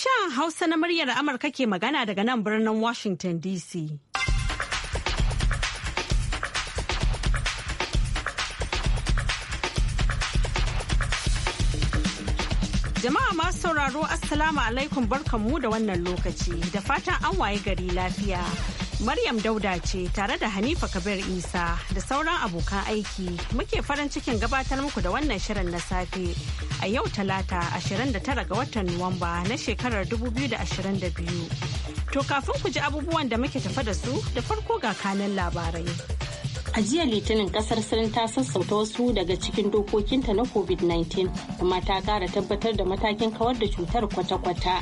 Sashen Hausa na muryar Amurka ke magana daga nan birnin Washington DC. Jama'a masu sauraro Assalamu alaikum barkanmu da wannan lokaci da fatan an waye gari lafiya. Maryam Dauda ce tare da Hanifa Kabir Isa da sauran abokan aiki muke farin cikin gabatar muku da wannan shirin na safe a yau talata 29 ga watan Nuwamba na shekarar 2022. To kafin ku ji abubuwan da muke tafa da su da farko ga kanin labarai. A jiya Litinin kasar Sirin ta sassauta wasu daga cikin dokokinta na COVID-19 amma ta kara tabbatar da matakin kawar da cutar kwata-kwata.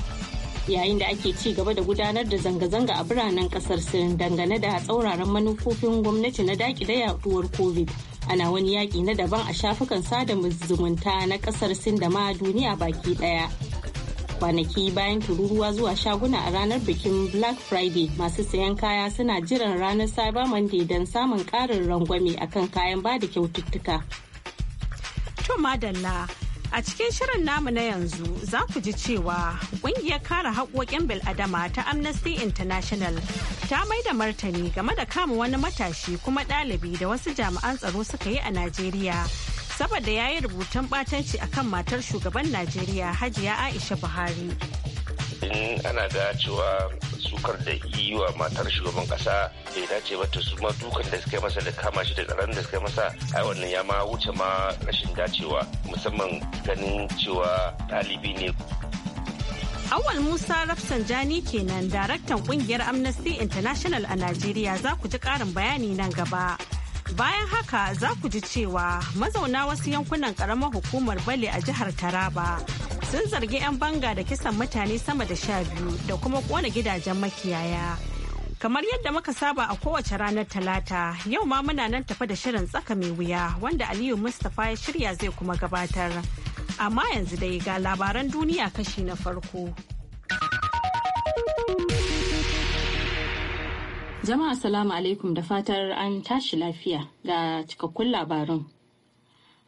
yayin da ake ci gaba da gudanar da zanga-zanga a biranen kasar sin dangane da tsauraran manufofin gwamnati na daƙi da yaduwar covid ana wani yaƙi na daban a shafukan sada zumunta na kasar sin da ma duniya baki ɗaya kwanaki bayan tururuwa zuwa shaguna a ranar bikin black friday masu sayan kaya suna jiran ranar cyber monday don samun ƙarin rangwame akan kayan bada kyaututtuka. A cikin shirin namu na yanzu za ku ji cewa ƙungiyar kare haƙoƙin bil'adama ta Amnesty International ta mai da martani game da kama wani matashi kuma ɗalibi da wasu jami'an tsaro suka yi a Najeriya. Saboda ya yi rubutun ɓatanci akan matar shugaban Najeriya Hajiya Aisha Buhari. in ana ga cewa sukar da iwa matar shugaban kasa bai dace ba ta suma dukan da suka yi masa da kama shi da tsaron da suka yi masa ai wannan ya ma wuce ma rashin dacewa musamman ganin cewa ɗalibi ne Awal Musa rafsan jani kenan daraktan kungiyar Amnesty International a Najeriya za ku ji ƙarin bayani nan gaba. Bayan haka za ku ji cewa mazauna wasu yankunan karamar hukumar Bale a jihar Taraba sun zargi 'yan banga da kisan mutane sama da sha biyu da kuma kona gidajen makiyaya. Kamar yadda muka saba a kowace ranar Talata, yau ma muna nan tafa da shirin tsaka mai wuya wanda Aliyu Mustapha ya shirya zai kuma gabatar. Amma yanzu dai ga labaran duniya kashi na farko. Jama'a salamu alaikum da fatar an tashi lafiya ga cikakkun labarin.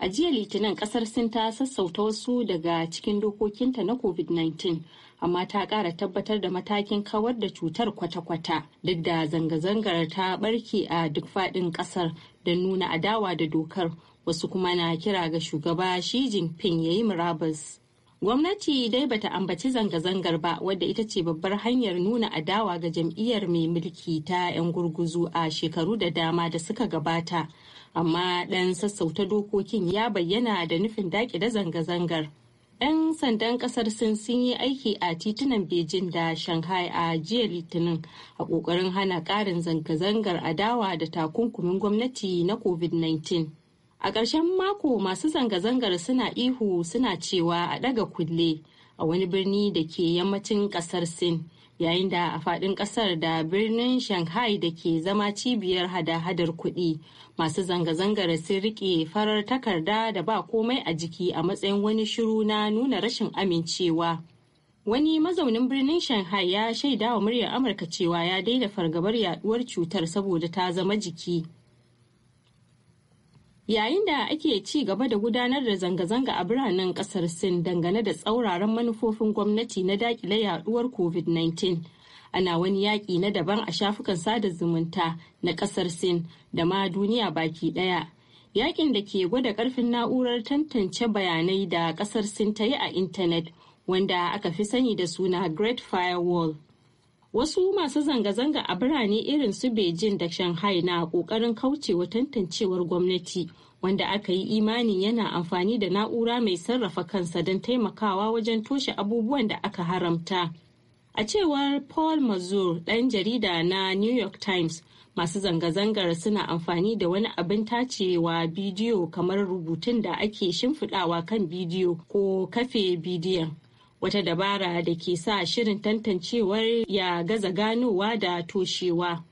a jiya litinin kasar sin ta sassauta wasu daga cikin dokokinta na covid-19 amma ta kara tabbatar da matakin kawar da cutar kwata-kwata duk da zanga-zangar ta barke a duk faɗin ƙasar da nuna adawa da dokar wasu kuma na kira ga shugaba shi jinping ya yi murabus gwamnati dai bata ambaci zanga-zangar ba wadda ita ce babbar hanyar nuna adawa ga jam'iyyar mai mulki ta 'yan gurguzu a shekaru da dama da suka gabata amma ɗan sassauta dokokin ya bayyana da nufin da zanga-zangar. 'Yan sandan kasar Sin sun yi aiki a titunan Beijing da Shanghai a jiya Litinin a ƙoƙarin hana ƙarin zanga-zangar adawa da takunkumin gwamnati na COVID-19. A ƙarshen mako masu zanga-zangar suna ihu suna cewa a ɗaga kulle a wani birni da ke yammacin ƙasar Sin. yayin da a fadin ƙasar da birnin shanghai da ke zama cibiyar hada-hadar kuɗi masu zanga-zangar sun rike farar takarda da ba komai a jiki a matsayin wani shiru na nuna rashin amincewa wani mazaunin birnin shanghai ya shaida wa muryar amurka cewa ya daina fargabar yaduwar cutar saboda ta zama jiki yayin da ake ci gaba da gudanar da zanga-zanga a biranen kasar sin dangane da tsauraran manufofin gwamnati na dakile yaduwar covid-19 ana wani yaƙi na daban a shafukan sada zumunta na kasar sin da ma duniya baki ɗaya yakin da ke gwada ƙarfin na'urar tantance bayanai da kasar sin ta yi a intanet wanda aka fi sani da suna great firewall Wasu masu zanga-zanga a birane irin su Beijing da Shanghai na ƙoƙarin kaucewa tantancewar gwamnati wanda aka yi imanin yana amfani da na'ura mai sarrafa kansa don taimakawa wajen toshe abubuwan da aka haramta. A cewar Paul Mazur, ɗan jarida na New York Times, masu zanga-zangar suna amfani da wani abin tacewa bidiyo kamar rubutun da ake shimfiɗawa kan bidiyo ko kafe bidiyon wata dabara da ke sa shirin tantancewar ya gaza ganowa da toshewa.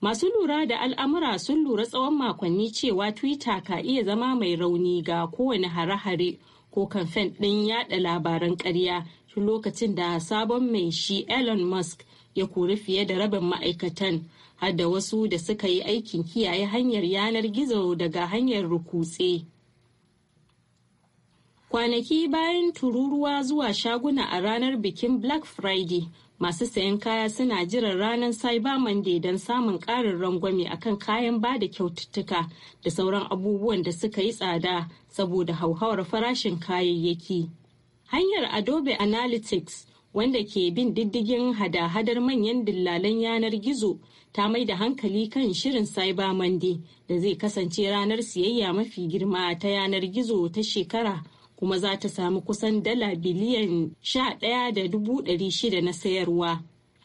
Masu lura da al'amura sun lura tsawon makonni cewa Twitter ka iya zama mai rauni ga kowane hare-hare ko kamfen ɗin yada labaran ƙarya tun lokacin da sabon mai shi Elon Musk ya kori fiye da rabin ma'aikatan har da wasu da suka yi aikin kiyaye hanyar yanar gizo daga hanyar rukutse. kwanaki bayan tururuwa zuwa shaguna a ranar bikin black friday masu sayan kaya suna jiran ranar cyber monday don samun karin rangwame akan kayan ba da kyaututtuka da sauran abubuwan da suka yi tsada saboda hauhawar farashin kayayyaki hanyar adobe analytics wanda ke bin diddigin hada-hadar manyan dillalan yanar gizo ta mai da hankali kan shirin cyber monday da zai kasance ranar siyayya mafi girma ta yanar gizo ta shekara kuma za ta samu kusan dala biliyan sha ɗaya da dubu ɗari shida na sayarwa.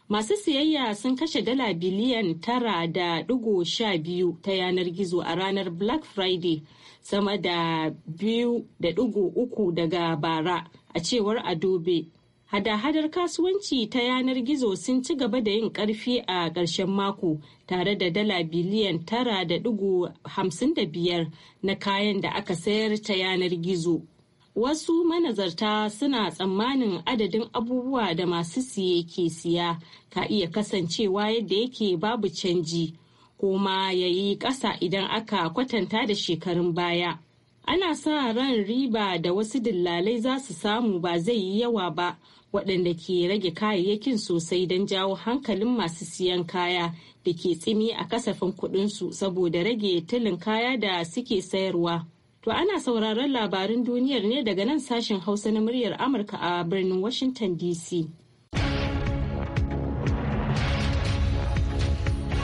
Masu siyayya sun kashe dala biliyan tara da dugo sha biyu ta yanar gizo a ranar Black Friday sama da biyu da dugo uku daga bara a cewar Adobe. Hada-hadar kasuwanci ta yanar gizo sun ci gaba da yin karfi a ƙarshen mako tare da dala biliyan tara da dugo hamsin da biyar na kayan da aka sayar ta yanar gizo. Wasu manazarta suna tsammanin adadin abubuwa da masu siye ke siya ka iya kasancewa yadda yake babu canji, kuma ya yi ƙasa idan aka kwatanta da shekarun baya. Ana sa ran riba da wasu dillalai za su samu ba zai yi yawa ba, waɗanda ke rage kayayyakin sosai don jawo hankalin masu siyan kaya da ke tsimi a kasafin kuɗinsu saboda rage tilin kaya da suke sayarwa. To ana sauraron labarin duniyar ne daga nan sashen Hausa na muryar Amurka a birnin Washington DC.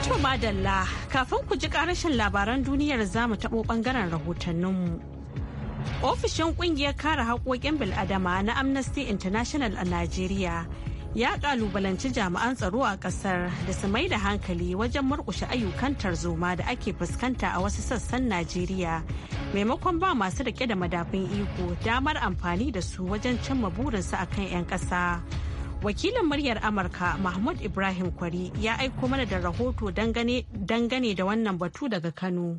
To madalla kafin ku ji karashin labaran duniyar zamu taɓo ɓangaren rahotanninmu. Ofishin ƙungiyar kare haƙoƙin bil'adama na Amnesty International a Najeriya ya ƙalubalanci jami'an tsaro a ƙasar da su mai da hankali wajen murƙushe ayyukan tarzoma da ake fuskanta a wasu sassan Najeriya. maimakon ba masu rike da madafun iko damar amfani da su wajen cimma burinsu akan 'yan ƙasa. wakilin muryar amurka mahmud ibrahim kwari ya aiko mana da rahoto dangane da wannan batu daga kano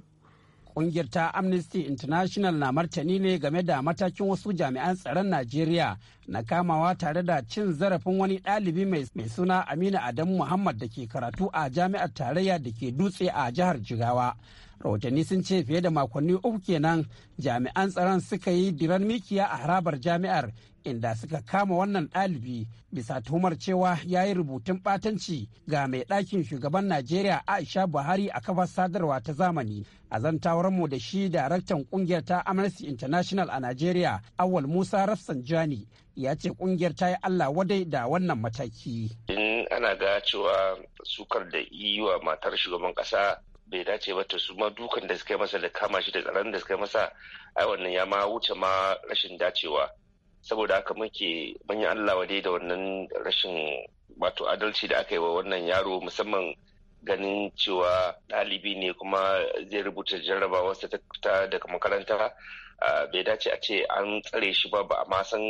ƙungiyar ta amnesty international na martani ne game da matakin wasu jami'an tsaron najeriya na kamawa tare da cin zarafin wani ɗalibi mai suna aminu adamu muhammad da ke karatu a jami'ar tarayya da ke dutse a jihar jigawa rahotanni sun ce fiye da makonni uku kenan jami'an tsaron suka yi diran mikiya a harabar jami'ar inda suka kama wannan ɗalibi bisa tuhumar cewa ya yi rubutun ɓatanci ga mai ɗakin shugaban najeriya aisha buhari a kafar sadarwa ta zamani a zantawar mu da shi daraktan kungiyar ta amnesty international a najeriya awal musa rafsanjani ya ce kungiyar ta yi allah wadai da wannan mataki in ana ga cewa sukar da yi wa matar shugaban kasa bai dace ba to su ma dukan da suka yi masa da kama shi da tsaron da suka yi masa ai wannan ya ma wuce ma rashin dacewa saboda haka muke manya Allah dai da wannan rashin wato adalci da aka yi wa wannan yaro musamman ganin cewa ɗalibi ne kuma zai rubuta wasu ta daga makaranta ah, bai dace a ce an tsare shi ba ba a ma san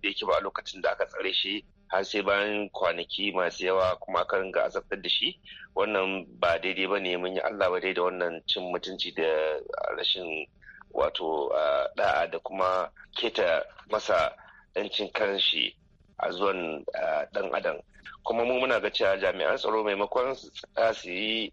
da yake ba a lokacin da aka tsare shi har sai bayan kwanaki masu yawa kuma aka ringa azabtar da shi wannan ba daidai ba ne mun yi Allah ba da wannan cin mutunci da rashin wato da'a da kuma keta masa ɗancin karin shi a zuwan ɗan adam kuma mu muna ga cewa jami'an tsaro maimakon su yi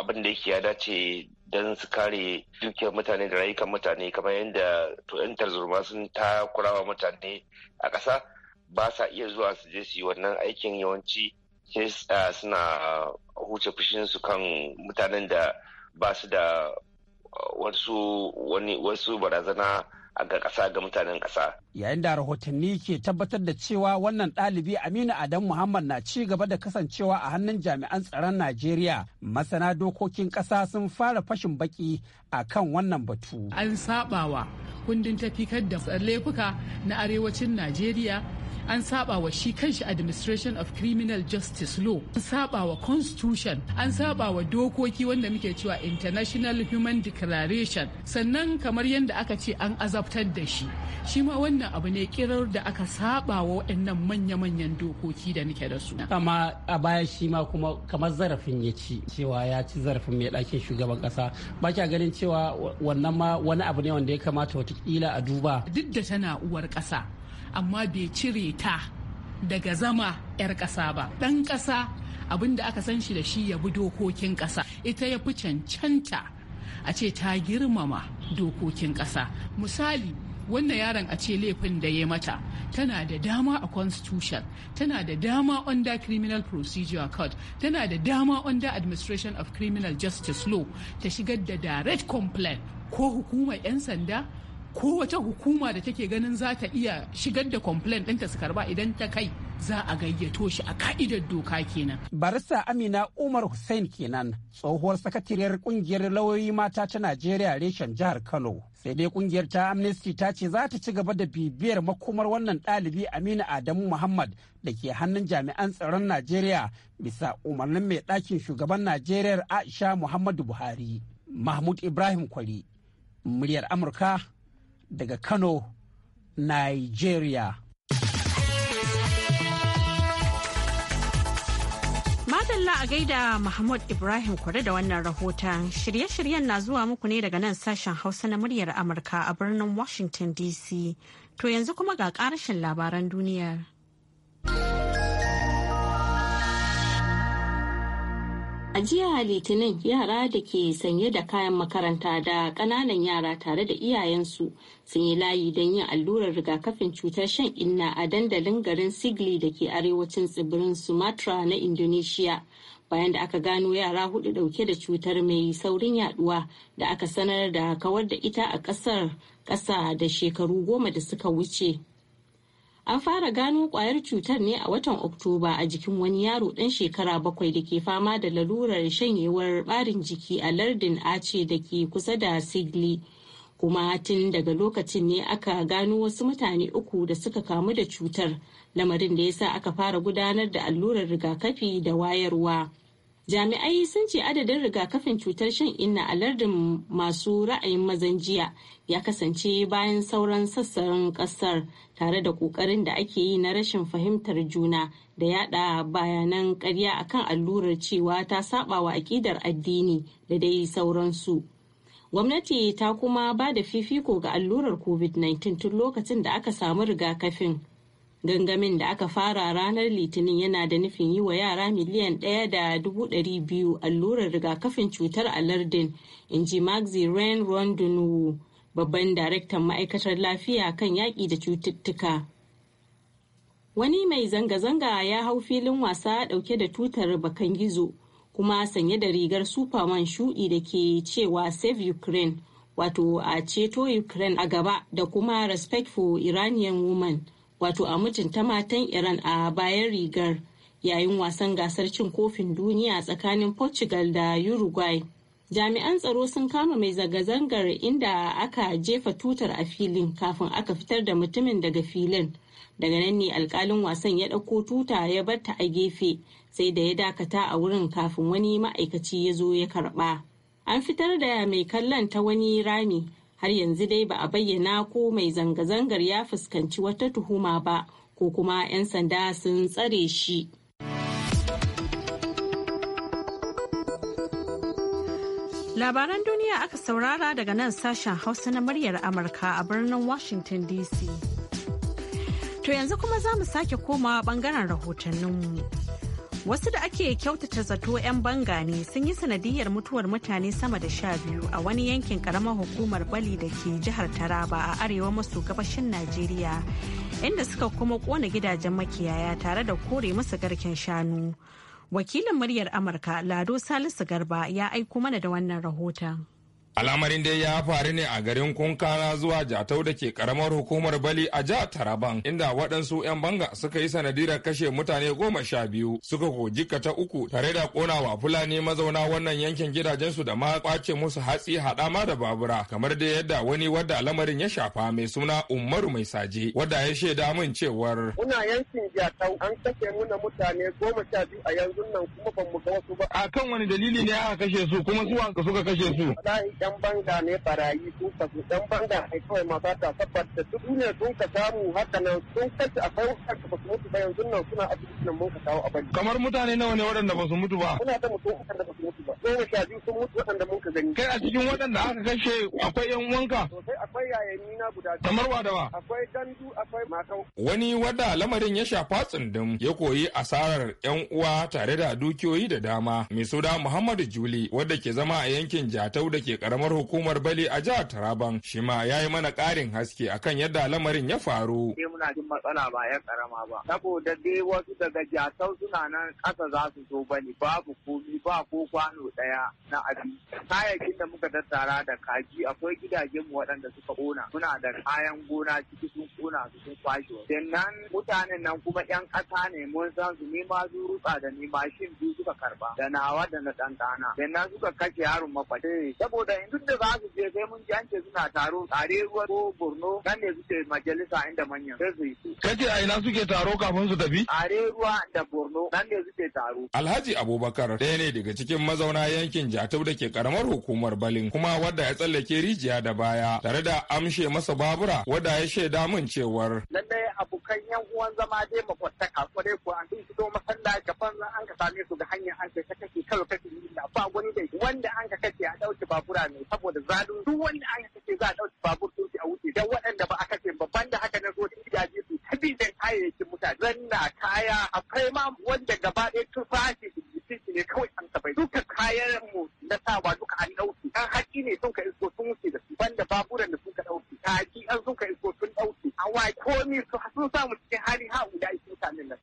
abin da yake ya dace don su kare dukiyar mutane da rayukan mutane kamar yadda to tarzoma sun ta kurawa mutane a ƙasa ba sa iya zuwa su je su yi wannan aikin yawanci sai suna huce fushinsu kan mutanen da ba su da uh, wasu wasu barazana ga ƙasa ga mutanen kasa. Yayin da rahotanni ke tabbatar da cewa wannan ɗalibi Aminu Adam Muhammad na ci gaba da kasancewa a hannun jami'an tsaron Najeriya, masana dokokin ƙasa sun fara fashin baki a kan wannan batu. An saɓawa kundin tafikar da laifuka na arewacin Najeriya an saba wa shi kanshi administration of criminal justice law an saba wa constitution an saba wa dokoki wanda muke cewa international human declaration sannan kamar yadda aka ce an azabtar da shi shi ma wannan abu ne kirar da aka saba wa waɗannan manya-manyan dokoki da muke da su amma a baya shi ma kuma kamar zarafin ya ci cewa ya ci zarafin mai ɗakin shugaban ƙasa ba kya ganin cewa wannan ma wani abu ne wanda ya kamata watakila a duba duk da tana uwar ƙasa amma bai cire ta daga zama 'yar ƙasa ba ɗan ƙasa abin da aka san shi da shi ya bi dokokin ƙasa ita ya fi cancanta a ce ta girmama dokokin ƙasa misali wannan yaron a ce laifin da ya mata tana da dama a constitution tana da dama under criminal procedure code tana da dama under administration of criminal justice law ta shigar da direct complaint ko hukumar 'yan sanda ko wata hukuma da take ganin za ta iya shigar da complain ɗinta su karba idan ta kai za a gayyato shi a ka'idar doka kenan. Barista Amina Umar Hussein kenan tsohuwar sakatariyar kungiyar lauyoyi mata ta Najeriya reshen jihar Kano. Sai dai kungiyar ta Amnesty ta ce za ta ci gaba da bibiyar makomar wannan ɗalibi Aminu Adamu Muhammad da ke hannun jami'an tsaron Najeriya bisa umarnin mai ɗakin shugaban Najeriya Aisha Muhammadu Buhari. Mahmud Ibrahim Kwari, muryar Amurka daga Kano, Nigeria. Madalla a gaida Mahmud Ibrahim kware da wannan rahoton. Shirye-shiryen na zuwa muku ne daga nan sashen Hausa na muryar Amurka a birnin Washington DC. To yanzu kuma ga ƙarashin labaran duniyar. A jiya Litinin yara da ke sanye da kayan makaranta da ƙananan yara tare da iyayensu sun yi layi don yin allurar rigakafin cutar shan inna a dandalin garin Sigli da ke arewacin tsibirin Sumatra na Indonesia. Bayan da aka gano yara hudu dauke da cutar mai saurin yaduwa da aka sanar da kawar da ita a ƙasar ƙasa da shekaru goma da suka wuce. an fara gano kwayar cutar ne a watan oktoba a jikin wani yaro dan shekara bakwai da ke fama da lalurar shanyewar barin jiki a lardin ace da ke kusa da sigli kuma tun daga lokacin ne aka gano wasu mutane uku da suka kamu da cutar lamarin da ya sa aka fara gudanar da allurar rigakafi da wayarwa. Jami'ai sun ce adadin rigakafin cutar shan inna a lardin masu ra'ayin mazan jiya ya kasance bayan sauran sassan kasar tare da kokarin da ake yi na rashin fahimtar juna da yada bayanan karya akan allurar cewa ta saba wa akidar addini da dai sauransu. Gwamnati ta kuma ba da fifiko ga allurar COVID-19 tun lokacin da aka samu rigakafin. Gangamin da aka fara ranar Litinin yana da nufin yi wa yara miliyan ɗaya da dubu ɗari biyu allurar rigakafin cutar a lardin, in ji Maxi Ren Rondonu, babban daraktan ma'aikatar lafiya kan yaƙi da cututtuka. Wani mai zanga-zanga ya hau filin wasa ɗauke da tutar bakan gizo, kuma sanye da rigar Superman shuɗi da ke cewa Save Ukraine, wato a ceto Ukraine a gaba da kuma Respect for Iranian Women. wato a mutunta matan Iran a bayan rigar yayin wasan gasar cin kofin duniya tsakanin Portugal da Uruguay. Jami'an tsaro sun kama mai zanga-zangar inda aka jefa tutar a filin kafin aka fitar da mutumin daga filin. Daga nan ne alkalin wasan ya ɗauko tuta ya barta a gefe sai da ya dakata a wurin kafin wani ma'aikaci ya zo ya karɓa. An fitar da mai kallon ta wani rami har yanzu dai ba a bayyana ko mai zanga-zangar ya fuskanci wata tuhuma ba ko kuma 'yan sanda sun tsare shi. Labaran duniya aka saurara daga nan sashen Hausa na muryar Amurka a birnin Washington DC. To yanzu kuma za mu sake komawa bangaren rahotanninmu. Wasu da ake kyautata zato 'yan banga ne sun yi sanadiyar mutuwar mutane sama da sha biyu a wani yankin karamar hukumar Bali da ke jihar Taraba a arewa maso gabashin Najeriya, inda suka kuma kona gidajen makiyaya tare da kore musu garken shanu. Wakilin muryar Amurka Lado Salisu Garba ya aiko mana da wannan rahoton. Al'amarin dai ya faru ne a garin Kunkara zuwa Jatau da ke karamar hukumar Bali a jihar Taraban, inda waɗansu 'yan banga suka yi sanadirar kashe mutane goma sha biyu suka koji ta uku tare da konawa Fulani mazauna wannan yankin gidajensu da ma kwace musu hatsi haɗama da babura, kamar da yadda wani wadda lamarin ya shafa mai suna Umaru Mai Saje, wadda ya shaida min cewar. Muna yankin Jatau an kashe muna mutane goma sha biyu a yanzu nan kuma ban mu ga wasu ba. A kan wani dalili ne aka kashe su kuma su suka kashe su. dan banga ne barayi sun kasu dan banga ne kawai ma ta saboda duk ne sun ka samu haka nan sun kace a kai haka ba su mutu ba yanzu nan suna asibiti nan mun ka kawo a bari. Kamar mutane nawa ne waɗanda ba su mutu ba? Muna da mutum waɗanda ba su mutu ba. Goma ne kaji sun mutu waɗanda mun ka gani. Kai a cikin waɗanda aka kashe akwai 'yan wanka? Sosai akwai yayanni na guda. Kamar wa da wa? Akwai gandu akwai makau. Wani wadda lamarin ya shafa tsindin ya koyi asarar 'yan uwa tare da dukiyoyi da dama. Mai soda Muhammadu Juli wadda ke zama a yankin Jatau da ke ƙarar karamar hukumar Bali a jihar Taraban shi ma ya yi mana ƙarin haske akan yadda lamarin ya faru. Sai muna jin matsala ba ya karama ba. Saboda dai wasu daga jasau suna nan kasa za su zo bani babu komi ba ko kwano ɗaya na abinci. Kayayyakin da muka tattara da kaji akwai gidajen mu waɗanda suka ƙona. Muna da kayan gona ciki sun ƙona su sun kwashe. Sannan mutanen nan kuma 'yan ƙasa ne mun san su ma su rutsa da ma shin biyu suka karba da nawa da na ɗan ɗana. Sannan suka kashe yaron mafaɗe. Saboda duk da za su je sai mun ji an suna taro tare ruwa ko borno nan ne suke majalisa inda manyan sai su yi kaje a ina suke taro kafin su tafi tare ruwa da borno nan ne suke taro alhaji abubakar ɗaya ne daga cikin mazauna yankin jatau da ke karamar hukumar balin kuma wadda ya tsallake rijiya da baya tare da amshe masa babura wadda ya shaida min cewar lallai abokan yan uwan zama dai makwattaka kwarai ko an fito masallaci kafin an ka same su ga hanyar an kai ta kake kashe babura ne saboda zalun duk wanda an take za a ɗauki babur sun a wuce dan waɗanda ba a ba, babban da haka na zo gidaje su ta bidan kayayyakin mutane zanna kaya akwai ma wanda gaba ɗaya tufafi jiki ne kawai an sabai duka kayan mu na sawa duka an ɗauki an haƙi ne sun ka isko sun wuce da su banda baburan da sun ka ɗauki kaki an sun ka isko sun ɗauki awa komi sun samu cikin hali ha'u da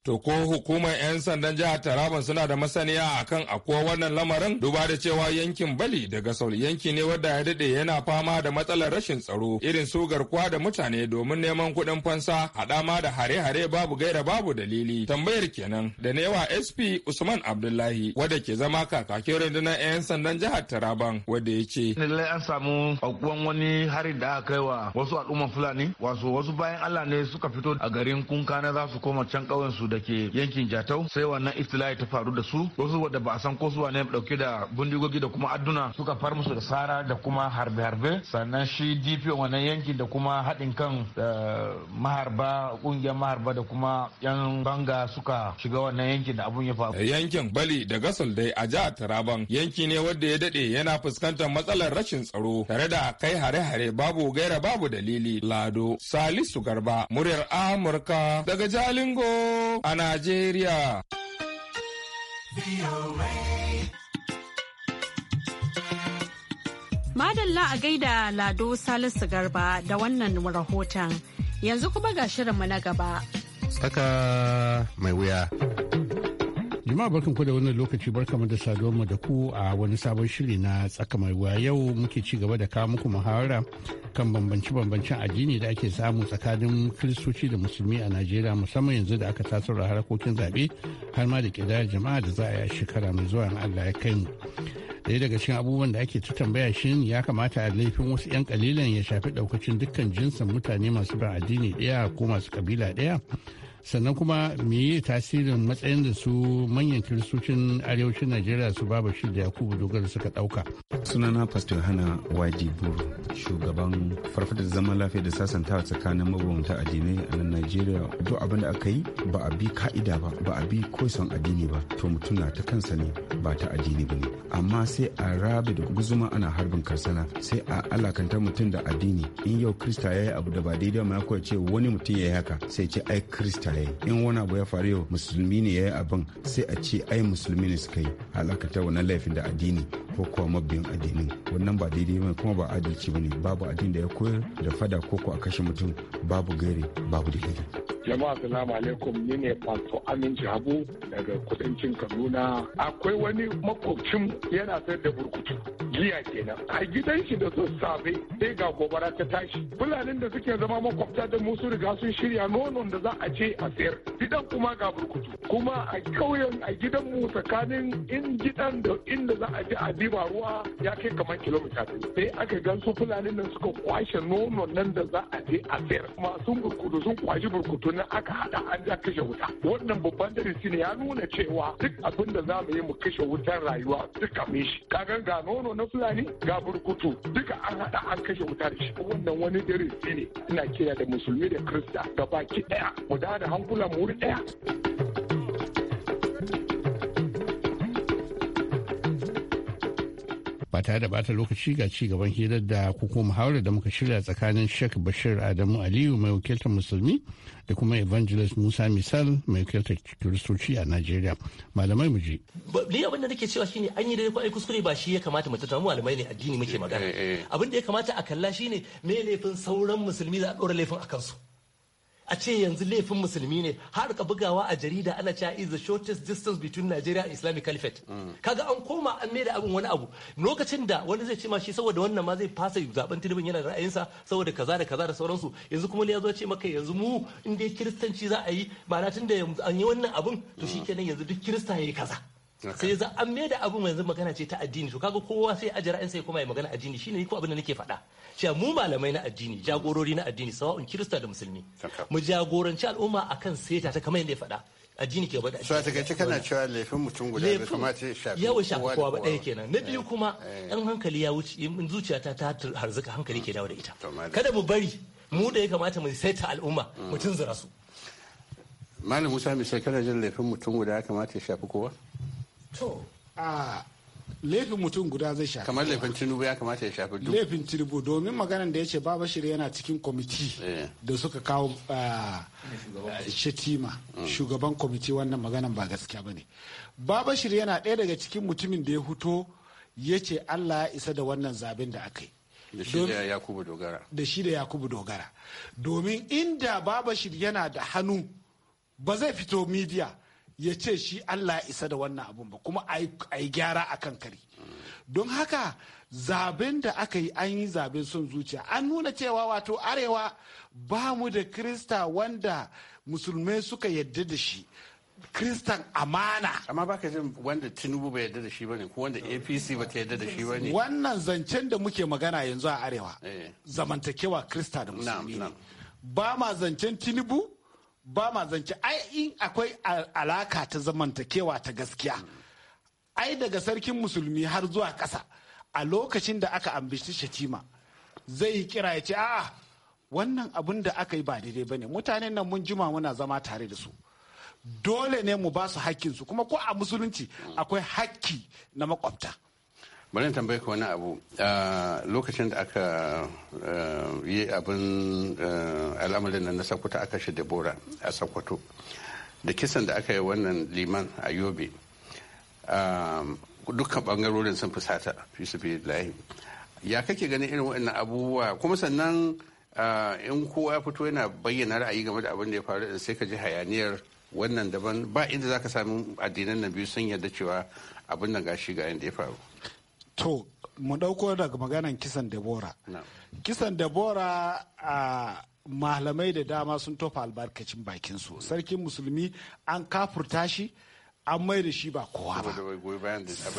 Toko To ko hukumar 'yan sandan jihar Taraban suna da masaniya akan akwai wannan lamarin duba da cewa yankin Bali daga Gasol yanki ne wadda ya daɗe yana fama da matsalar rashin tsaro irin su garkuwa da mutane domin neman kuɗin fansa haɗa ma da hare-hare babu gaira babu dalili. Tambayar kenan da newa SP Usman Abdullahi wadda ke zama kakakin rundunar 'yan sandan jihar Taraban wadda ya ce. Lallai an samu aukuwan wani hari da aka kai wa wasu al'umman Fulani wasu wasu bayan Allah ne suka fito a garin kunka na za su koma can ƙauyen su da ke yankin Jatau sai wannan iftila'i ta faru da su wasu wadda ba a san ko su wane dauke da bindigogi da kuma adduna suka far musu da sara da kuma harbe-harbe sannan shi dp wannan yankin da kuma haɗin kan eh, maharba ƙungiyar maharba da kuma 'yan banga suka shiga wannan yankin da abun ya faru. Eh, yankin Bali da Gasol dai a jihar Taraban yanki ne wanda ya daɗe yana fuskantar matsalar rashin tsaro tare da kai hare-hare babu gaira babu dalili. Lado Salisu Garba muryar Amurka daga Jalingo a Najeriya. Madalla a gaida Lado Salisu Garba da wannan rahoton. Yanzu kuma ga shirinmu na gaba. Tsaka mai wuya. Jama'a barkan ku da wannan lokaci barkamu da saduwar mu da ku a wani sabon shiri na tsaka mai ruwa yau muke ci gaba da kawo muku muhawara kan bambance-bambancen addini da ake samu tsakanin kiristoci da musulmi a Najeriya musamman yanzu da aka tasar da harkokin zaɓe har ma da kidayar jama'a da za a yi a shekara mai zuwa in Allah ya kai mu. daya daga cikin abubuwan da ake ta tambaya shi ya kamata a laifin wasu 'yan kalilan ya shafi daukacin dukkan jinsin mutane masu ban addini daya ko masu kabila daya. sannan kuma yi tasirin matsayin da su manyan kiristocin arewacin najeriya su baba shi da yakubu dogara suka dauka sunana pastor hana wajiburu shugaban farfadar zaman lafiya da sasantawa tsakanin mabambanta addinai a nan najeriya duk abin da aka yi ba a bi ka'ida ba ba a bi koson addini ba to mutum na ta kansa ne ba ta addini ba ne amma sai a rabe da guzuma ana harbin karsana sai a alakanta mutum da addini in yau krista ya yi abu da ba daidai ma ya ce wani mutum ya yi haka sai ce ai krista tsare in wani abu ya faru yau musulmi ne ya yi abin sai a ce ai musulmi ne suka yi halakata wannan laifin da addini ko kuwa mabiyin addinin wannan ba daidai ba kuma ba adalci ba ne babu addini da ya koyar da fada ko ko a kashe mutum babu gari babu dalili Jama'a salamu alaikum ni ne Pastor Aminci Habu daga kudancin Kaduna. Akwai wani makwabcin yana sayar da burkutu. Giya kenan. A gidan shi da sassafe sai ga gobara ta tashi. Fulanin da suke zama makwabta da musu riga sun shirya nonon da za a ce a sayar. Gidan kuma ga burkutu. Kuma a kauyen a gidan mu tsakanin in gidan da inda za a je a diba ruwa ya kai kamar kilomita sai aka gan su fulanin nan suka kwashe nonon nan da za a je a sayar. Masu burkutu sun kwashi burkutu tunan aka hada an ja kashe wuta wannan babban darasi ne ya nuna cewa duk abin da za mu yi mu kashe wutar rayuwa duk a shi kaga ga nono na fulani ga burkutu duka an hada an kashe wuta da shi wannan wani darasi ne ina kira da musulmi da krista gaba baki daya mu da hankula mu wuri daya ba tare da bata lokaci ga ci gaban hirar da kuku muhawarar da muka shirya tsakanin Sheikh Bashir Adamu Aliyu mai wakiltar musulmi da kuma Evangelist Musa Misal mai wakiltar Kiristoci a Najeriya. Malamai mu je. Ni abin da nake cewa shine an yi daidai ko ai kuskure ba shi ya kamata mu tattauna malamai ne addini muke magana. Eh, eh, eh. Abin da ya kamata a kalla shine me laifin sauran musulmi za a ɗora laifin a kansu. a ce yanzu laifin musulmi ne har ka bugawa a jarida ana cewa is the shortest distance between Nigeria and Islamic Caliphate mm. kaga an koma an mai da abin wani abu lokacin da wani zai ce ma shi saboda wannan ma zai fasa zaben tilibin yana da ra'ayinsa saboda kaza da kaza da sauransu yanzu kuma ya zo ce maka yanzu mu in dai kiristanci za a yi ma'ana tun da an yi wannan abun to mm. shikenan yanzu duk kirista yayi kaza sai za an mai da abin yanzu magana ce ta addini to kaga kowa sai ajira in sai kuma ya magana addini shine ni ko abin da nake faɗa cewa mu malamai na addini jagorori na addini sawa'un kirista da musulmi mu jagoranci al'umma akan seta ta kamar yadda ya faɗa addini ke bada so ta gaci kana cewa laifin mutum guda bai kamata ce shafi yawa shafi kowa ba ɗaya kenan na biyu eh. kuma ɗan eh. hankali ya wuce in zuciyata ta harzuka hankali ke dawo da ita kada mu bari mu da ya kamata mu saita al'umma mutum zira su malam musa mai sai kana jin laifin mutum guda ya kamata ya shafi kowa to a laifin mutum guda zai shafi kamar laifin tinubu ya kamata ya shafi duk laifin tinubu domin maganar da ya ce ba bashir yana cikin kwamiti eh. da suka kawo shetima mm. shugaban kwamiti wannan maganan ba gaskiya ba ne Ba bashir yana ɗaya daga cikin mutumin da ya huto ya ce allah ya isa da wannan zaben da aka yi da shi da yakubu dogara da shi da yakubu dogara domin inda Babashir yana da hannu ba zai fito midiya ya ce shi Allah ya isa da wannan abun ba kuma a yi gyara a kan kari don haka zaben da aka yi an yi zaben son zuciya an nuna cewa wato arewa ba mu da krista wanda musulmai suka yadda da shi kristan amana amma baka jin wanda tinubu bai yadda da shi bane ko wanda apc ba ta yadda da shi bane wannan zancen da muke magana yanzu a arewa eh. zamantakewa krista da musulmi ba ma zancen tinubu ba ma zance ai in akwai alaka ta zamantakewa ta gaskiya ai daga sarkin musulmi har zuwa ƙasa a lokacin da aka ambishi shatima zai yi kira ya ce a, wannan abin da aka yi ba daidai ba ne mutanen nan mun jima muna zama tare da su dole ne mu ba su hakkinsu kuma ko a musulunci akwai hakki na makwabta bari tambaye ka wani abu lokacin da aka yi abin al'amarin nan na sakwato aka shi debora a sakwato da kisan da aka yi wannan liman a yobe dukkan bangarorin sun fusata fi su ya kake ganin irin wannan abubuwa kuma sannan in kowa ya fito yana bayyana ra'ayi game da abin da ya faru da sai ka ji hayaniyar wannan daban ba inda za ka sami addinan na biyu sun yarda cewa abin nan gashi ga yadda ya faru to mu ɗauko daga maganan kisan debora kisan debora a malamai da dama sun tofa albarkacin su sarkin musulmi an kafurta shi an mai da shi ba kowa ba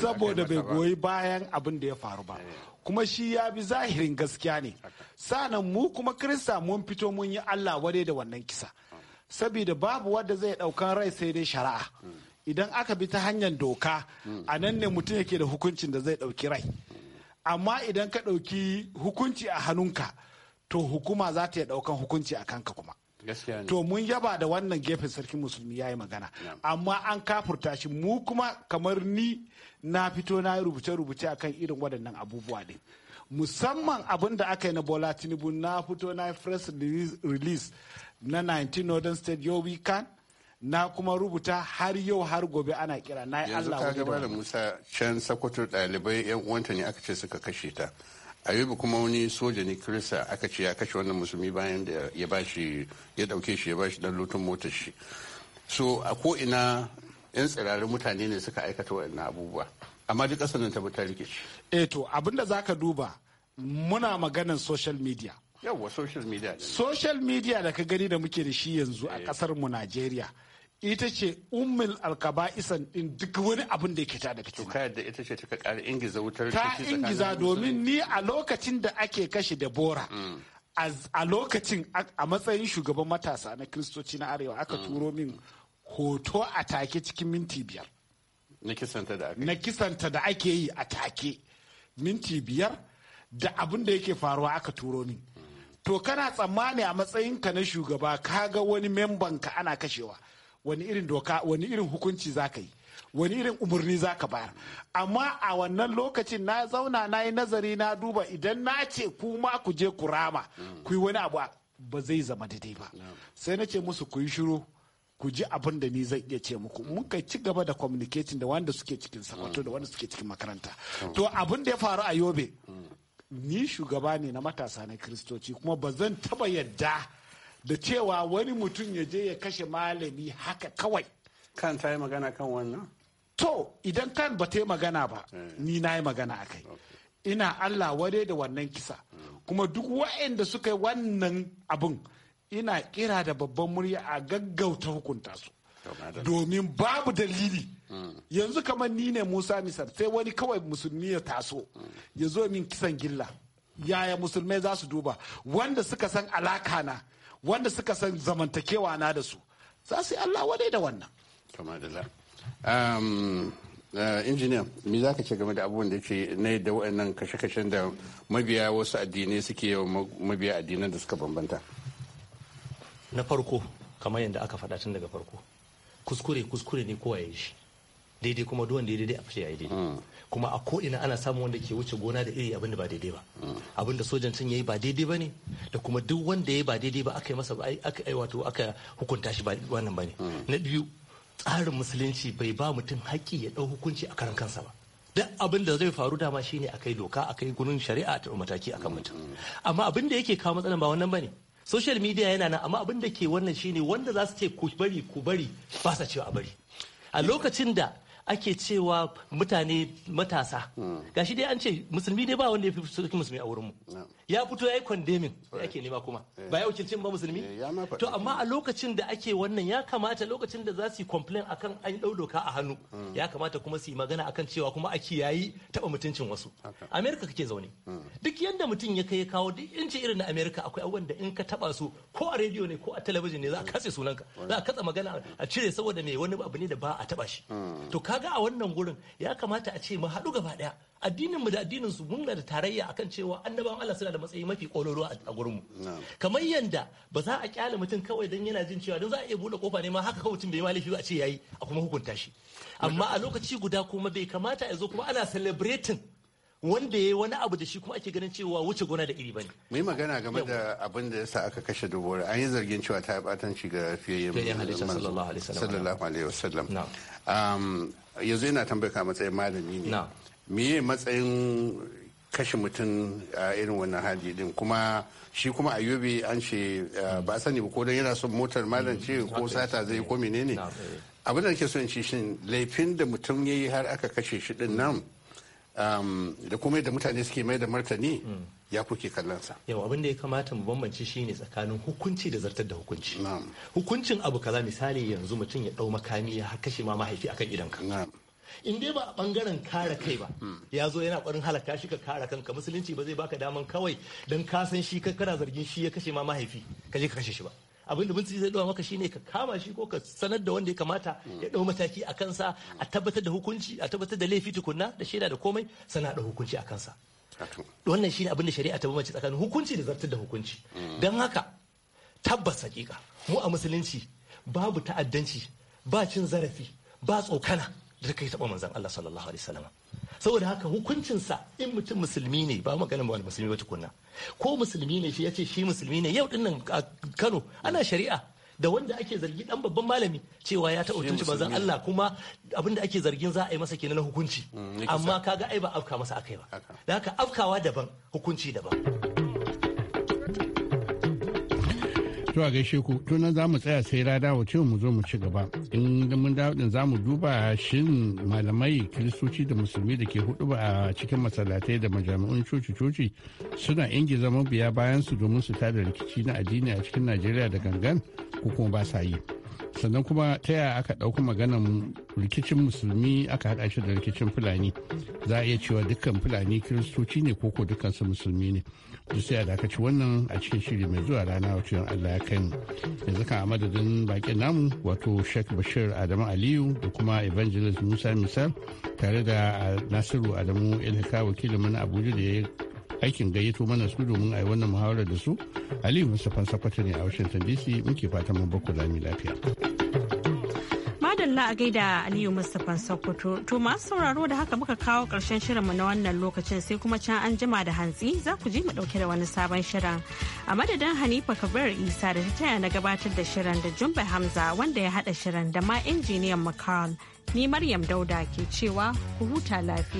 saboda bai goyi bayan abin da ya faru ba eh. kuma shi ya bi zahirin gaskiya ne sanan mu kuma kirista mun fito mun yi allah wade da wannan kisa ah. saboda babu wanda zai ɗaukan rai sai dai shari'a hmm. idan aka bi ta hanyar doka a nan ne mutum yake da hukuncin da zai ɗauki rai amma idan ka ɗauki hukunci a hannunka to hukuma za ta iya ɗaukan hukunci a kanka kuma to mun yaba da wannan gefen sarkin musulmi ya yi magana amma an kafurta shi mu kuma kamar ni na fito na yi rubuce-rubuce kan irin waɗannan abubuwa ne musamman abin da aka yi na bola tinubu na fito na press release na 19 northern state yau weekend na kuma rubuta har yau har gobe ana kira na yi Allah yanzu da wani. Musa can Sokoto ɗalibai yan uwanta ne aka ce suka kashe ta Ayubu kuma wani soja ne Kirista aka ce ya kashe wannan musulmi bayan da ya bashi ya dauke shi ya bashi dan lutun mota shi so a ko ina yan tsirarin mutane ne suka aikata waɗannan abubuwa amma duk ƙasar nan ta ta rikici eh to abinda zaka duba muna maganan social media yawwa social media social media da ka gani da muke da shi yanzu a kasar eh. mu Najeriya ita ce ummul isan din duk wani abin da yake ta daga cikin kayar da ita ce ta kara ingiza wutar ta ingiza domin ni a lokacin da ake kashe da bora mm. a lokacin a matsayin shugaban matasa na kristoci na arewa aka mm. turo min hoto a take cikin minti biyar na kisanta da ake yi a take minti biyar da abin da yake faruwa aka turo min mm. to kana tsammani a matsayinka na shugaba ka ga wani membanka ana kashewa wani irin doka wani irin hukunci za ka yi wani irin umarni za ka bayar amma a wannan lokacin na zauna na yi nazari na duba idan na ce kuma ku je ku rama ku yi wani abu ba zai zama daidai ba sai na ce musu ku yi shiru ku ji abin da ni zai iya ce muku muka ci gaba da communicating da wanda suke cikin sakwato da wanda suke cikin makaranta to abin da ya faru a yobe mm. ni shugaba ne na matasa na kristoci kuma ba zan taba yadda da cewa wani mutum ya je ya kashe malami haka kawai kan ta yi magana kan wannan to idan kan ba ta yi magana ba eh. ni na yi magana a kai ina allah ware da wannan kisa hmm. kuma duk wa'inda suka yi wannan abin ina kira da babban murya a gaggauta hukunta su domin babu dalili hmm. yanzu kamar ni ne musa misar sai wani kawai musulmi ya taso hmm. ya zo min kisan gilla yaya musulmai za su duba wanda suka san alaka na wanda suka san zamantakewa na da su za su yi Allah wadai da wannan. Um, uh, injiniya me za ka ce game da abubuwan da ke na yadda waɗannan kashe-kashen da mabiya wasu addinai suke yawan mabiya addinan da suka bambanta na farko kamar yadda aka faɗa tun daga farko kuskure kuskure ne kowa ya yi shi daidai kuma duwan daidai a fashe ya yi daidai hmm. kuma a ko ina ana samun wanda ke wuce gona da iri abin da ba daidai ba da sojan can yi ba daidai ba ne da kuma duk wanda yayi ba daidai ba aka yi masa aka wato aka hukunta shi ba wannan ba ne hmm. na biyu tsarin musulunci bai ba mutum haƙƙi ya ɗau hukunci a karan kansa ba duk abin da zai faru dama shine a kai doka a kai gurin shari'a ta mataki a kan mutum hmm. amma abin da yake kawo matsalan ba wannan ba ne. social media yana nan amma abin da ke wannan shine wanda za su ce ku bari ku bari ba sa cewa a bari a lokacin da ake cewa mutane matasa hmm. gashi dai an ce musulmi dai ba wanda ya fi musulmi a wurinmu ya fito ya yi kwandemin ya ake nema kuma eh. ba eh, ya wakilcin ba musulmi to amma a lokacin da ake wannan ya kamata lokacin da za su yi complain akan an ɗau doka a hannu hmm. ya kamata kuma su yi magana akan cewa kuma a kiyayi taɓa mutuncin wasu amerika kake zaune hmm. duk yadda mutum ya kai kawo duk inci irin na amerika akwai abubuwan da in ka taɓa su ko a rediyo ne ko a talabijin ne za a hmm. katse sunanka za a katsa magana a cire saboda me wani abu ne da ba a taɓa shi to kaga a wannan gurin ya kamata a ce mu haɗu gaba ɗaya addininmu da addininsu muna da tarayya akan cewa annabawan Allah suna da matsayi mafi kololo a gurinmu kamar yadda ba za a kyale mutum kawai dan yana jin cewa dan za a iya buɗe kofa ne ma haka kawai mutum bai ma ba a ce yayi a kuma hukunta shi amma a lokaci guda kuma bai kamata a zo kuma ana celebrating wanda ya yi wani abu da shi kuma ake ganin cewa wuce gona da iri bane. Mu yi magana game da abin da yasa aka kashe dubura an yi zargin cewa ta yi batanci ga fiyayyen sallallahu alaihi wasallam. Yanzu yana tambaya matsayin malami ne. Miye matsayin kashe mutum a irin wannan hali din kuma shi kuma ayyubi an ce eh, ba sani ba ko don yana son motar malam ce ko mm, sata zai ko menene eh. abin da nake son ci shin laifin da mutum ya yi har aka kashe shi din nan um, da kuma da mutane suke mai da martani mm. ya kuke kallonsa. Yau abin da ya kamata mu bambance shi ne tsakanin hukunci da zartar da hukunci. Hukuncin abu kaza misali yanzu mutum ya ɗau makami ya kashe ma mahaifi akan idanka. in dai ba a bangaren kare kai ba ya zo yana ƙwarin halaka shi ka kare kanka musulunci ba zai baka daman kawai dan ka san shi kana zargin shi ya kashe ma mahaifi ka je ka kashe shi ba abin da bincike zai dawa maka shine ka kama shi ko ka sanar da wanda ya kamata ya dau mataki a kansa a tabbatar da hukunci a tabbatar da laifi tukunna da shaida da komai sana da hukunci a kansa wannan shine abin da shari'a ta bambance tsakanin hukunci da zartar da hukunci dan haka tabbas hakika mu a musulunci babu ta'addanci ba cin zarafi ba tsokana da kai taɓa manzan Allah sallallahu alaihi wasallam saboda haka hukuncinsa in mutum musulmi ne ba maganin ba musulmi ba tukunna ko musulmi ne shi ya ce shi musulmi ne yau dinnan a Kano ana shari'a da wanda ake zargi dan babban malami cewa ya ta mutunci manzan Allah kuma abinda ake zargin za a yi masa kenan hukunci mm, amma kaga ai ba afka masa akai ba da haka afkawa daban hukunci daban To a gaishe ku tunan za mu tsaya sai rada wace mu zo mu ci gaba. In mun dawo din za mu duba shin malamai kiristoci da musulmi da ke hudu a cikin masallatai da majami'un coci-coci suna ingiza mabiya bayan su domin su tada rikici na addini a cikin Najeriya da gangan ko kuma ba sa yi. sannan kuma ta yaya aka ɗauki maganan rikicin musulmi aka haɗa shi da rikicin fulani za a iya cewa dukkan fulani kiristoci ne ko koko dukkansu musulmi ne duk sai a dakaci wannan a cikin shiri mai zuwa rana wato yan allah ya kai mu yanzu kan a bakin namu wato sheikh bashir adamu aliyu da kuma evangelist musa misal tare da nasiru adamu Ilhaka wakilin mana abuja da ya aikin gayyato mana su domin a yi wannan muhawarar da su aliyu mustapha sakwato ne a washington dc muke fatan mun baku lami lafiya madalla a gaida aliyu mustapha sokoto to masu sauraro da haka muka kawo karshen shirinmu na wannan lokacin sai kuma can an jima da hantsi za ku ji mu dauke da wani sabon shirin a madadin hanifa kabir isa da ta taya na gabatar da shirin da jumbe hamza wanda ya hada shirin da ma injiniyan mccall ni maryam dauda ke cewa ku huta lafiya